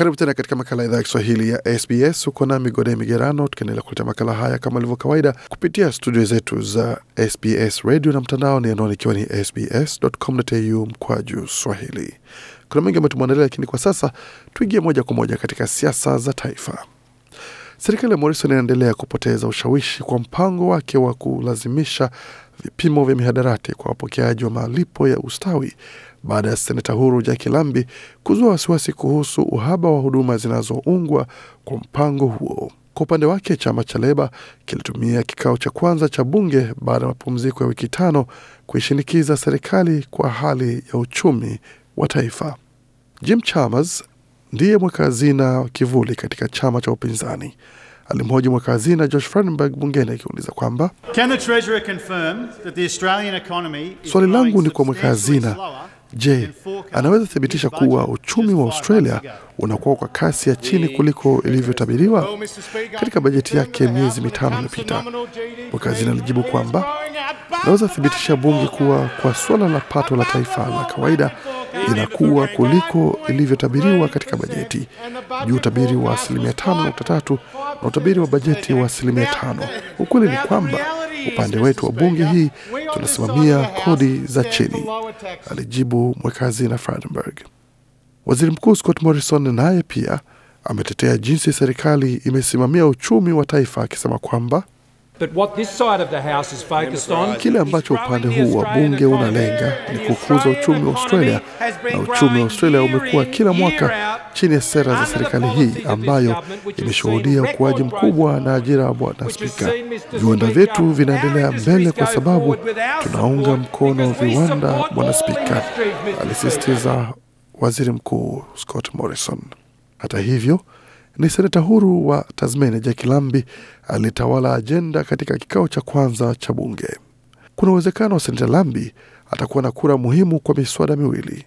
Karibu tena katika makala ya idhaa ya Kiswahili ya SBS. Uko na Migode Migerano, tukiendelea kuleta makala haya kama ilivyo kawaida kupitia studio zetu za SBS radio na ni anwani ikiwa ni sbs.com.au juu swahili. Kuna mengi ambayo tumeandalia, lakini kwa sasa tuingie moja kwa moja katika siasa za taifa. Serikali ya Morrison inaendelea kupoteza ushawishi kwa mpango wake wa kulazimisha vipimo vya mihadarati kwa wapokeaji wa malipo ya ustawi baada ya seneta huru Jaki Lambi kuzua wasiwasi kuhusu uhaba wa huduma zinazoungwa kwa mpango huo. Kwa upande wake, chama cha Leba kilitumia kikao cha kwanza cha bunge baada ya mapumziko ya wiki tano kuishinikiza serikali kwa hali ya uchumi wa taifa. Jim Chalmers ndiye mweka hazina kivuli katika chama cha upinzani alimhoji mweka hazina Josh Frydenberg bungeni akiuliza kwamba swali langu ni kwa mweka hazina Je, anaweza thibitisha kuwa uchumi wa Australia unakuwa kwa kasi ya chini kuliko ilivyotabiriwa katika bajeti yake miezi mitano iliyopita? Wakazini alijibu kwamba naweza thibitisha bunge kuwa kwa suala la pato la taifa la kawaida inakuwa kuliko ilivyotabiriwa katika bajeti juu utabiri wa asilimia tano nukta tatu na utabiri wa bajeti wa asilimia tano. Ukweli ni kwamba upande wetu wa bunge hii tunasimamia kodi za chini, alijibu na Frydenberg. Waziri Mkuu Scott Morrison naye pia ametetea jinsi serikali imesimamia uchumi wa taifa akisema kwamba Kile ambacho upande huu wa bunge unalenga ni kukuza uchumi wa Australia, na uchumi wa Australia umekuwa kila mwaka chini ya sera za serikali hii ambayo imeshuhudia ukuaji mkubwa na ajira. Bwana Spika, viwanda vyetu vinaendelea mbele kwa sababu tunaunga mkono viwanda, Bwana Spika, alisisitiza Waziri Mkuu Scott Morrison. Hata hivyo ni seneta huru wa Tasmania Jaki Lambi aliyetawala ajenda katika kikao cha kwanza cha bunge. Kuna uwezekano wa seneta Lambi atakuwa na kura muhimu kwa miswada miwili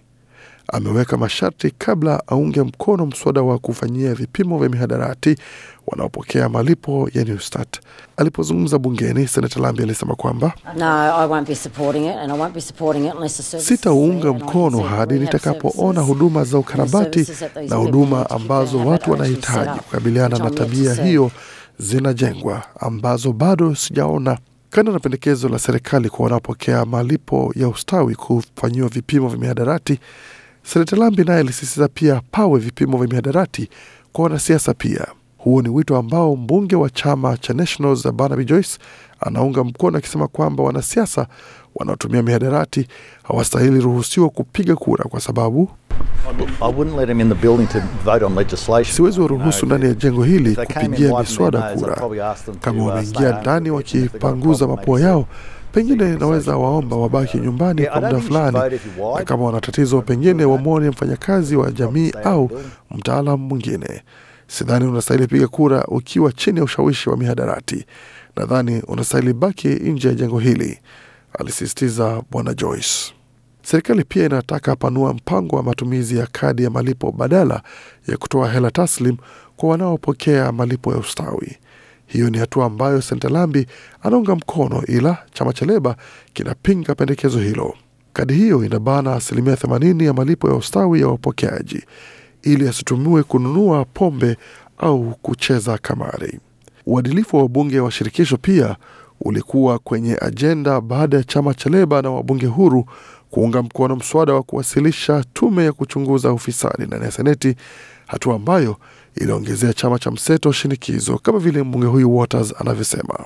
ameweka masharti kabla aunge mkono mswada wa kufanyia vipimo vya mihadarati wanaopokea malipo ya Newstart. Alipozungumza bungeni, Senata Lambi alisema kwamba sitaunga mkono hadi nitakapoona huduma za ukarabati na huduma ambazo watu wanahitaji kukabiliana na tabia hiyo zinajengwa, ambazo bado sijaona kando na pendekezo la serikali kwa wanaopokea malipo ya ustawi kufanyiwa vipimo vya mihadarati, Seneta Lambi naye alisisitiza pia pawe vipimo vya mihadarati kwa wanasiasa pia. Huo ni wito ambao mbunge wa chama cha Nationals Barnaby Joyce anaunga mkono akisema kwamba wanasiasa wanaotumia mihadarati hawastahili ruhusiwa kupiga kura kwa sababu siwezi waruhusu ndani ya jengo hili kupigia miswada kura. Kama wameingia ndani wakipanguza mapua yao, Pengine naweza waomba wabaki nyumbani kwa muda fulani, na kama wana tatizo, pengine wamwone mfanyakazi wa jamii au mtaalam mwingine. Sidhani unastahili piga kura ukiwa chini ya ushawishi wa mihadarati. Nadhani unastahili baki nje ya jengo hili, alisisitiza Bwana Joyce. Serikali pia inataka panua mpango wa matumizi ya kadi ya malipo badala ya kutoa hela taslim kwa wanaopokea malipo ya ustawi. Hiyo ni hatua ambayo Lambi anaunga mkono, ila chama cha Leba kinapinga pendekezo hilo. Kadi hiyo inabana asilimia 80 ya malipo ya ustawi ya wapokeaji ili asitumiwe kununua pombe au kucheza kamari. Uadilifu wa wabunge wa shirikisho pia ulikuwa kwenye ajenda baada ya chama cha Leba na wabunge huru kuunga mkono mswada wa kuwasilisha tume ya kuchunguza ufisadi ndani ya Seneti, hatua ambayo iliongezea chama cha mseto shinikizo, kama vile mbunge huyu Waters anavyosema.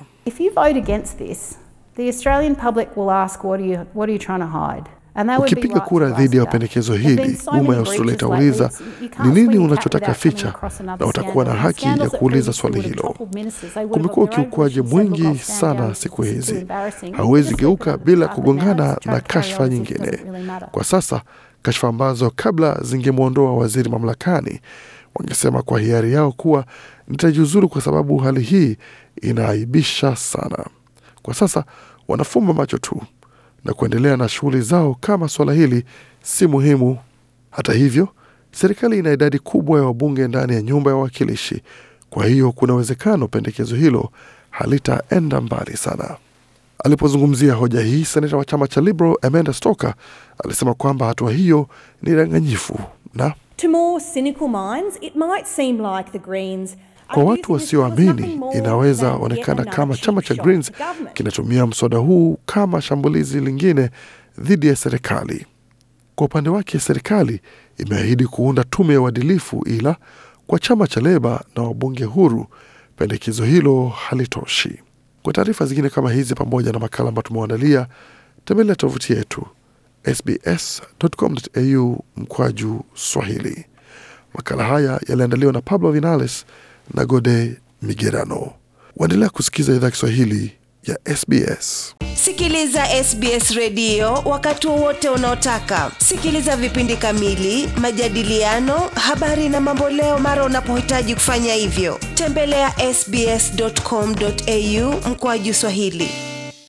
Ukipiga kura dhidi ya pendekezo hili, umma ya Australia itauliza ni nini unachotaka ficha, na utakuwa na haki ya kuuliza swali hilo. Kumekuwa ukiukwaji mwingi sana siku hizi, hauwezi geuka bila kugongana na kashfa nyingine. Kwa sasa kashfa ambazo kabla zingemwondoa waziri mamlakani Wangesema kwa hiari yao kuwa nitajiuzuru kwa sababu hali hii inaaibisha sana. Kwa sasa wanafumba macho tu na kuendelea na shughuli zao kama suala hili si muhimu. Hata hivyo, serikali ina idadi kubwa ya wabunge ndani ya nyumba ya wawakilishi, kwa hiyo kuna uwezekano pendekezo hilo halitaenda mbali sana. Alipozungumzia hoja hii, seneta wa chama cha Liberal Amanda Stoker alisema kwamba hatua hiyo ni danganyifu na kwa watu wasioamini, inaweza onekana kama chama cha Greens kinatumia mswada huu kama shambulizi lingine dhidi ya serikali. Kwa upande wake, serikali imeahidi kuunda tume ya uadilifu, ila kwa chama cha Leba na wabunge huru, pendekezo hilo halitoshi. Kwa taarifa zingine kama hizi pamoja na makala ambayo tumewaandalia, tembelea tovuti yetu sbs.com.au mkwaju Swahili. Makala haya yaliandaliwa na Pablo Vinales na Gode Migerano. Waendelea kusikiza idhaa Kiswahili ya SBS. Sikiliza SBS redio wakati wowote unaotaka. Sikiliza vipindi kamili, majadiliano, habari na mamboleo mara unapohitaji kufanya hivyo. Tembelea ya sbs.com.au mkoaji Swahili.